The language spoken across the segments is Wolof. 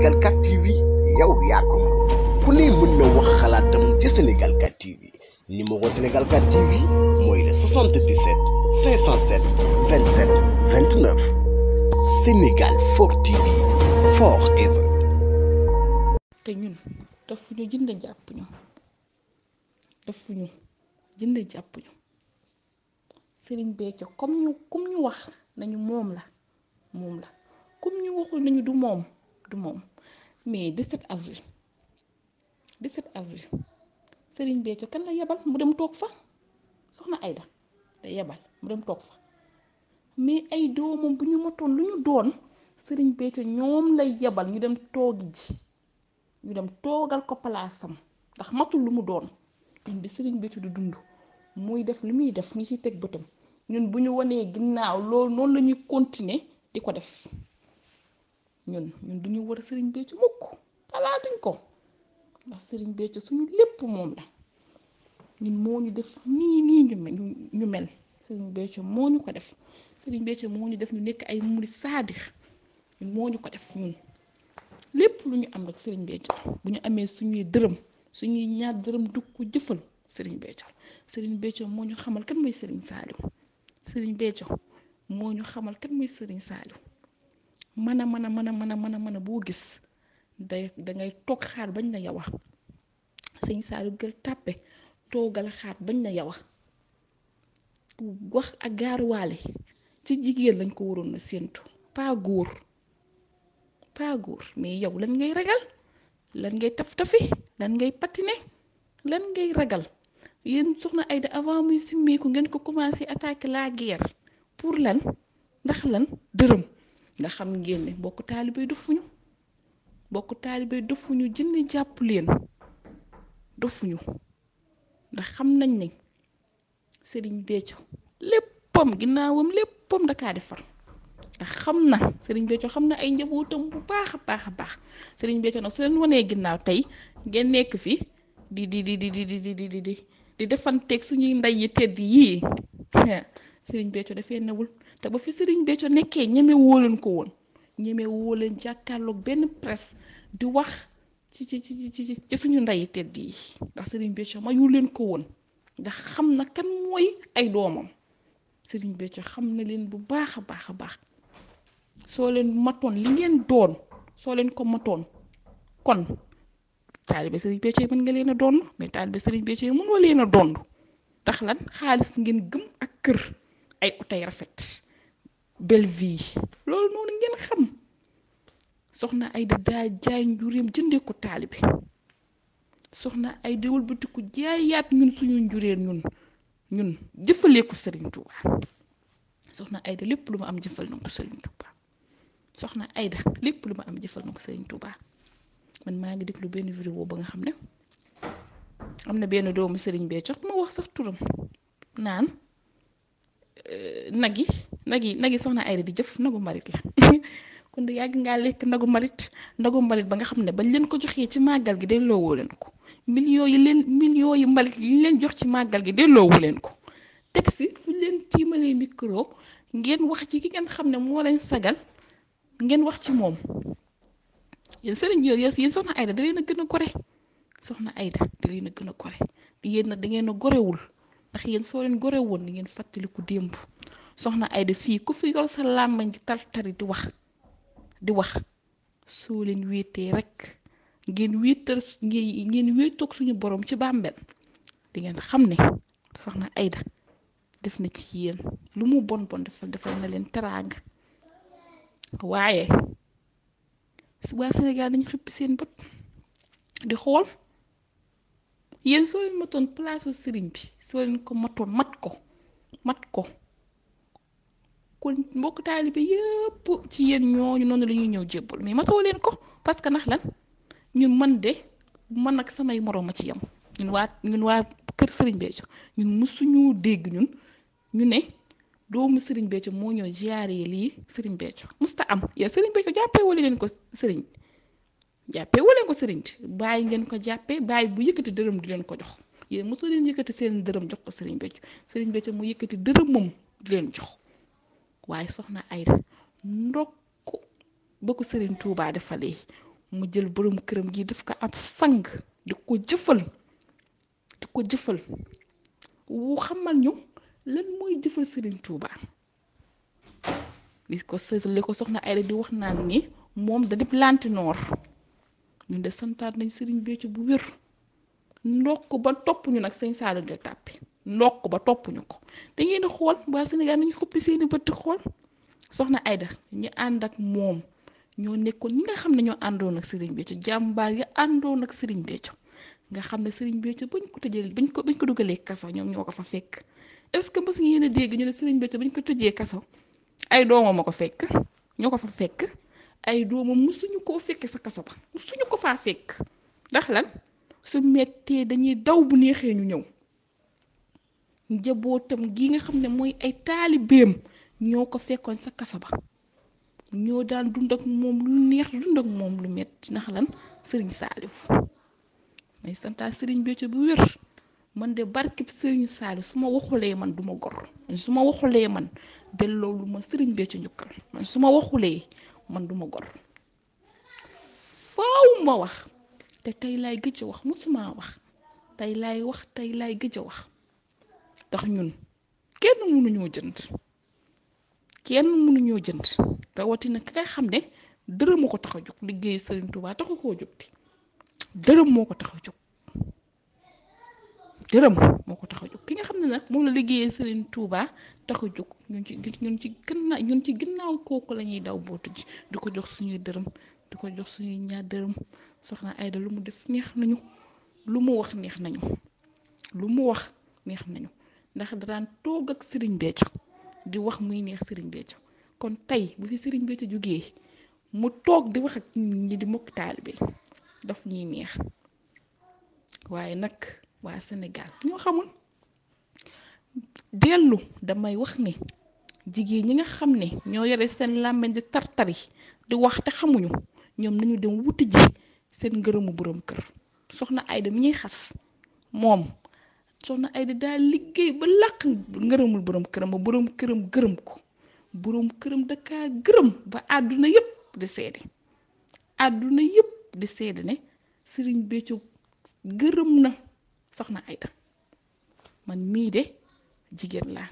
Sénégal 4 TV yow yaa ko ku ne mën na wax xalaatam ci Sénégal 4 TV numéro Sénégal 4 TV moy le 77 507 27 29 Sénégal 4 TV forever. te ñun daf ñu jënd jàpp ñu daf ñu jënd jàpp ñu Serigne Béthio comme ñu comme ñu wax nañu mom la Mom la comme ñu waxul nañu du mom. du moom mais 17 avril 17 avril Serigne Béthio kan la yebal mu dem toog fa soxna Aida da yebal mu dem toog fa mais ay doomam bu ñu motoon lu ñu doon Serigne Béthio ñoom lay yebal ñu dem toogi ji ñu dem toogal ko palaasam ndax matul lu mu doon kon bi Serigne Béthio di dund muy def li muy def ñu ci teg bëtam ñun bu ñu wanee ginnaaw loolu noonu la ñuy continuer di ko def ñun ñun duñu wër sëriñ bi ci mukk talaatuñ ko ndax sëriñ bi ci suñu lépp moom la ñun moñu def ni ni ñu ñu mel sëriñ bi ci moñu ko def sëriñ bi ci moñu def ñu nekk ay murid sadiq ñun moñu ko def ñun lépp luñu am rek sëriñ bi ci buñu amé suñuy dërëm suñuy ñaar dërëm du ko jëfël sëriñ Béthio sëriñ Béthio moo ñu xamal kan mooy sëriñ Saliou sëriñ Béthio moo ñu xamal kan mooy sëriñ Saliou mën a mën a mën a mën a mën a mën a boo gis day dangay toog xaar bañ la yow wax sëñ Saliou gël tàppe toogal xaar bañ la yow wax wax ak gaaruwaale ci jigéen lañ ko waroon a séentu pas góor pas mais yow lan ngay ragal lan ngay taf tafi lan ngay patine lan ngay ragal yéen soxna Aida avant muy simmeeku ngeen ko commencé attaque laa guerre pour lan ndax lan dërëm. ndax xam ngeen ne bokk taalibe dofuñu bokk taalibe dofuñu jënd jàpp leen dofuñu ndax xam nañ ne sëriñ Béthio léppam ginnaawam léppam dakaa defar ndax xam na sëriñ Béthio xam na ay njabootam bu baax a baax a baax sëriñ Béthio nag su leen wanee ginnaaw tey ngeen nekk fi di di di di di di di di di defanteeg suñuy ndey yi tedd yii Serigne Béthio dafee newul te ba fi sëriñ Béthio nekkee ñeme woo leen ko woon ñeme leen jàkkaarlook benn presse di wax ci ci ci ci suñu ndeyi tedd yi ndax Serigne Béthio mayu leen ko woon ndax xam na kan mooy ay doomam sëriñ Béthio xam na leen bu baax a baax a baax soo leen matoon li ngeen doon soo leen ko matoon kon taalibe Serigne Béthio mën nga leen a doon mais taalibe Serigne Béthio mënoo leen a doon ndax lan xaalis ngeen gëm ak kër ay otay rafet belle vie loolu noonu ngeen xam soxna ay da daa jaay njuréem jëndee ko taalibe soxna ay da wëlbatiku jaayaat ñun suñu njureen ñun ñun jëfalee ko Sëriñ Tuuba soxna ay lépp lu ma am jëfal na ko Sëriñ Tuuba lépp lu ma am jëfal na man maa ngi déglu benn vidéo ba nga xam ne am na benn doomu Sëriñ Béthio ma wax sax turam naan. Euh, nag yi nag yi nag yi soxna Ayda di jëf nagu mbalit la kon de yàgg ngaa lekk nagu mbalit nagu mbalit ba nga xam ne bañ leen ko joxee ci màggal gi delloowoo leen ko millions yi leen millions yi mbalit yi leen jox ci màggal gi delloowu leen ko teg si fu leen tiimalee micro ngeen wax ci ki ngeen xam ne moo leen sagal ngeen wax ci moom yéen sëriñ yooyu yéen soxna Ayda da leen gën a gore soxna Ayda da leen a gën a gore yéen nag da ngeen a gorewul. ndax yéen soo leen gore woon na ngeen fàttaliku démb soxna Aida fii ku fi yor sa làmmañ di tartari di wax di wax soo leen wéetee rekk ngeen wéetal ngeen wéetoog suñu boroom ci bàmbel di ngeen xam ne soxna ayda def na ci yéen lu mu bon bon defal defal na leen teraanga waaye waa Sénégal dañu xippi seen bët di xool. yéen soo leen matoon palaasu sëriñ bi soo leen ko matoon mat ko mat ko kon mbokk taalibe yépp ci yéen ñooñu noonu lañuy ñëw jébbal mais matoo leen ko parce que ndax lan ñun man de man ak samay moroom a ci yam ñun waa ñun waa kër sëriñ Béthio ñun mësuñu dégg ñun ñu ne doomu sëriñ Béthio moo ñëw ziyaare lii sëriñ Béthio musta am yaa sëriñ Béthio jàppee wala leen ko sëriñ jàppee wu leen ko sëriñ bàyyi ngeen ko jàppee bàyyi bu yëkkati dërëm di leen ko jox yéen mosoo leen yëkkati seen dërëm jox ko sëriñ Béthio sëriñ Béthio mu yëkkati dërëm moom leen jox waaye soxna Aida ndokk ba ko sëriñ Touba defalee mu jël borom këram gi daf ko ab sang di ko jëfal di ko jëfal wu xamal ñu lan mooy jëfal sëriñ tuubaa li ko li ko soxna Aida di wax naan ni moom da di planté ñun de santaat nañ sëriñ Béthio bu wér ndokk ba topp ñu nag sëñ Saliou Gueye Tapé ndokk ba topp ñu ko te ngeen di xool waa Sénégal nañu xuppi seeni bët xool soxna Aida ñu ànd ak moom ñoo nekkoon ñi nga xam ne ñoo àndoon ak sëriñ Béthio jàmbaar ya àndoon ak sëriñ Béthio nga xam ne sëriñ Béthio bañ ko tëjee bañ ko bañ ko dugalee kaso ñoom ñoo ko fa fekk est-ce que mës ngeen a dégg ñu ne sëriñ Béthio bañ ko tëjee kaso ay doomam a ko fekk ñoo ko fa fekk. ay doomam musuñu koo fekke sa kaso ba musuñu ko faa fekk ndax lan su mettee dañuy daw bu neexee ñu ñëw njabootam gi nga xam ne mooy ay taalibeem ñoo ko fekkoon sa kaso ba ñoo daan dund ak moom lu neex dund ak moom lu metti ndax lan sëriñ Saaliw may santaa sëriñ Béthio bu wér man de barki sëriñ Saaliw su ma waxulee man duma gor man su ma waxulee man delloo lu ma sëriñ Béthio njukkal man su ma waxulee man duma gor faaw ma wax te tey laay gëj a wax musumaa wax tey laay wax tey laay gëj a wax tax ñun kenn mënuñoo jënd kenn mënuñoo jënd rawatina ki nga xam ne dërëm moo ko tax a jóg liggéey Sëriñ Tuubaa taxu koo jóg di dërëm moo ko tax a jóg dërëm moo ko tax a jóg ki nga xam ne nag moom la liggéeyee Serigne Touba tax a jóg ñun ci ñun ci gannaaw ñun ci gannaaw kooku la ñuy daw bootu ji di ko jox suñuy dërëm di ko jox suñuy ñaar dërëm soxna Aida lu mu def neex nañu lu mu wax neex nañu lu mu wax neex nañu ndax daan toog ak sëriñ Béthio di wax muy neex sëriñ Béthio kon tey bu fi Serigne Béthio jógee mu toog di wax ak ñi di mokk taalibe daf ñuy neex waaye nag waa Sénégal ñoo xamul. dellu damay wax ni jigéen ñi nga xam ne ñoo yore seen làmmiñ di tartari di wax te xamuñu ñoom nañu dem wuti ji seen ngërëmu boroom kër soxna Ayda mi ñuy xas moom soxna Ayda daal liggéey ba làq ngërëmul borom këram ba boroom këram gërëm ko boroom këram dakaa gërëm ba àdduna yépp di seede àdduna yépp di seede ne Sëriñ Béthio gërëm na soxna Ayda man mii de jigéen laa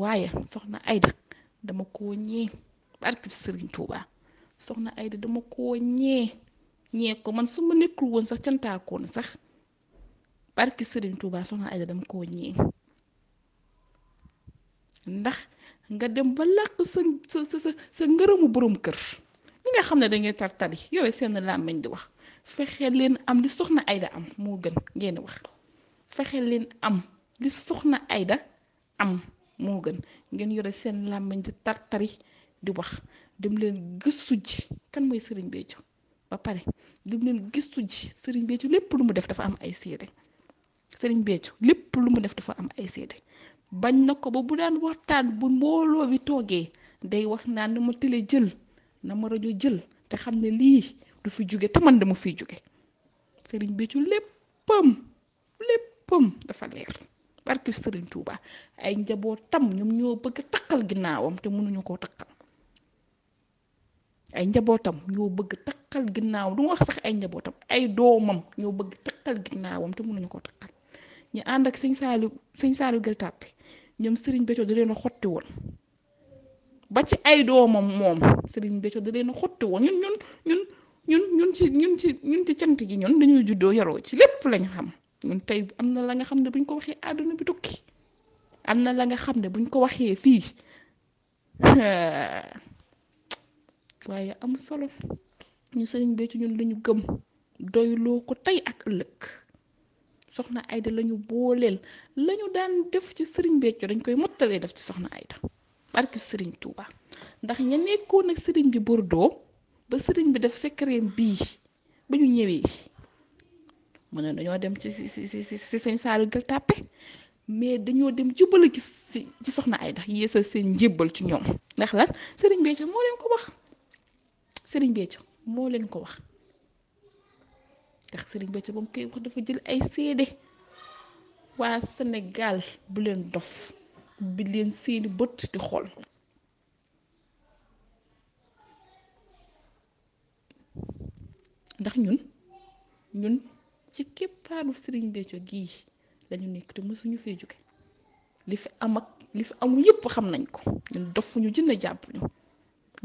waaye soxna Aida dama koo ñee barkib sëriñ Touba soxna Aida dama koo ñee ñee ko man su ma nekkul woon sax cantaakoon sax barki sëriñ Touba soxna Aida dama koo ñee ndax nga dem ba làq sa sa sa sa ngërëmu borom kër ñi nga xam ne dangay tartali yore seen làmmiñ di wax fexe leen am li soxna Aida am moo gën ngeen wax fexe leen am. li na ayda am moo gën ngeen yore seen làmmiñ di tartari di wax dem leen gëstu ji kan mooy Serigne Béthio ba pare dem leen gëstu ji Serigne Béthio lépp lu mu def dafa am ay seede Serigne Béthio lu mu def dafa am ay seede bañ na ko ba bu daan waxtaan bu mbooloo bi toogee day wax naan na ma télé jël na ma rajo jël te xam ne lii du fi jóge te man dama fiy jóge sëriñ Béthio léppam léppam dafa leer barki sëriñ Touba ay njabootam ñoom ñoo bëgg takkal ginnaawam te mënuñu koo takkal ay njabootam ñoo bëgg takkal ginnaaw du wax sax ay njabootam ay doomam ñoo bëgg takkal ginnaawam te mënuñu koo takkal ñu ànd ak sëñ Saliou sëñ Saliou Gueule Tapée ñoom Serigne Béthio da leen a xotti woon ba ci ay doomam moom sëriñ Béthio da leen a xotti woon ñun ñun ñun ñun ñun ci ñun ci ñun ci cant gi ñun dañuy juddoo yaroo ci lépp lañu xam. ñun tey am na la nga xam ne buñ ko waxee àdduna bi tukki am na la nga xam ne buñ ko waxee fii waaye amu solo ñu sëriñ Béthio ñun lañu gëm doyloo ko tey ak ëllëg soxna Aida lañu booleel lañu daan def ci sëriñ Béthio dañ koy mottalee def ci soxna Aida barki sëriñ Touba ndax ña nekkoo nag sëriñ bi Bordeaux ba sëriñ bi def secret bii ba ñu ñëwee. mu ne nañoo dem ci si si si si sëñ Saalu Gueule Tapée mais dañoo dem jubal a gis si ci soxna Aida yéesal seen njébbal ci ñoom ndax lan Serigne Béthio moo leen ko wax Serigne Béthio moo leen ko wax ndax sëriñ Béthio ba mu koy wax dafa jël ay seede waa Sénégal bu leen dof bi leen seeni bët di xool. ndax ñun ñun. ci képpaalu sëriñ Béthio gii lañu nekk te mësuñu fee jóge li fi am ak li fi amul yëpp xam nañ ko ñun dofuñu jënd jàpp ñu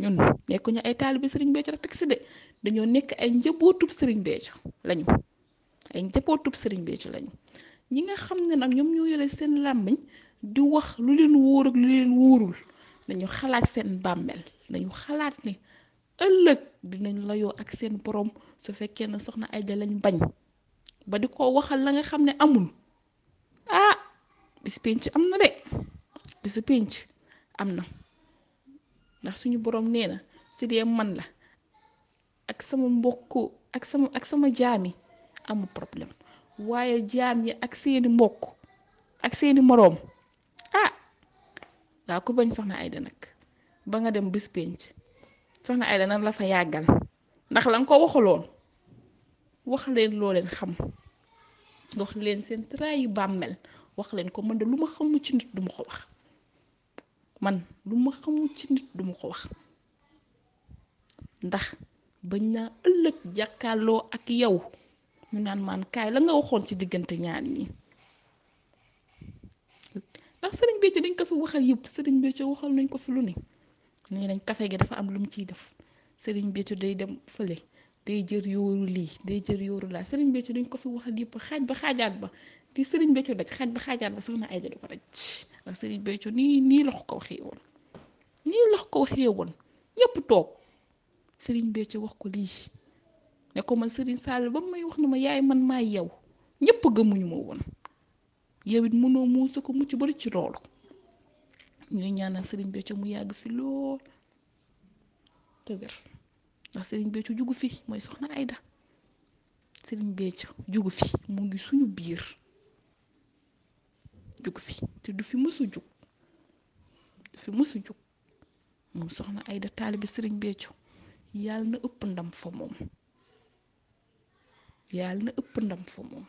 ñun nekkuñu ay taalibe sëriñ Béthio rek teg si de dañoo nekk ay njabootub sëriñ Béthio lañu ay njabootub sëriñ ñi nga xam ne nag ñoom ñoo yore seen làmmiñ di wax lu leen wóor lu leen wóorul nañu xalaat seen bàmmeel nañu xalaat ne ëllëg dinañ layoo ak seen borom su fekkee ne soxna Aida lañ bañ. ba di ko waxal la nga xam ne amul ah bisu pénc am na de bisu pénc am na ndax suñu borom nee na su dee man la ak sama mbokk ak sama jaami amul problème waaye jaam yi ak seeni mbokk ak seeni moroom ah waa ku bañ soxna Ayda nag ba nga dem bis pénc soxna Ayda nan la fa yàggal ndax la nga ko waxuloon wax leen loo leen xam wax leen seen tray yu bàmmel wax leen ko man de lu ma xamu ci nit duma ko wax man lu ma xamul ci nit duma ko wax ndax bañ naa ëllëg jàkkaarloo ak yow ñu naan maan kaay la nga waxoon ci diggante ñaan yi ndax sëriñ Béthio dañ ko fi waxal yëpp sëriñ Béthio waxal nañ ko fi lu ne nee nañ kafe gi dafa am lu mu ciy def sëriñ Béthio day dem fële day jër yóoru lii day jër yóoru laa sëriñ beccu dañ ko fi wax yëpp xaaj ba xaajaat ba di sëriñ beccu daj xaaj ba xaajaat ba soxna Aida di ko daj sëriñ beccu nii nii la ko waxee woon nii la ko waxee woon ñëpp toog sëriñ beccu wax ko lii ne ko man sëriñ Sall ba may wax na ma yaay man may yow ñëpp gëmuñu ma woon yow it mënoo muusa ko mucc bari ci loolu ñooy ñaanal sëriñ beccu mu yàgg fi lool ndax sëriñ Béthio jugu fi mooy soxna ayda sëriñ Béthio jugu fi mu ngi suñu biir jugu fi te du fi mësu jug du fi mësu jug moom soxna Aida taalibi sëriñ Béthio yàlla na ëpp ndam fa moom yàlla na ëpp ndam fa moom.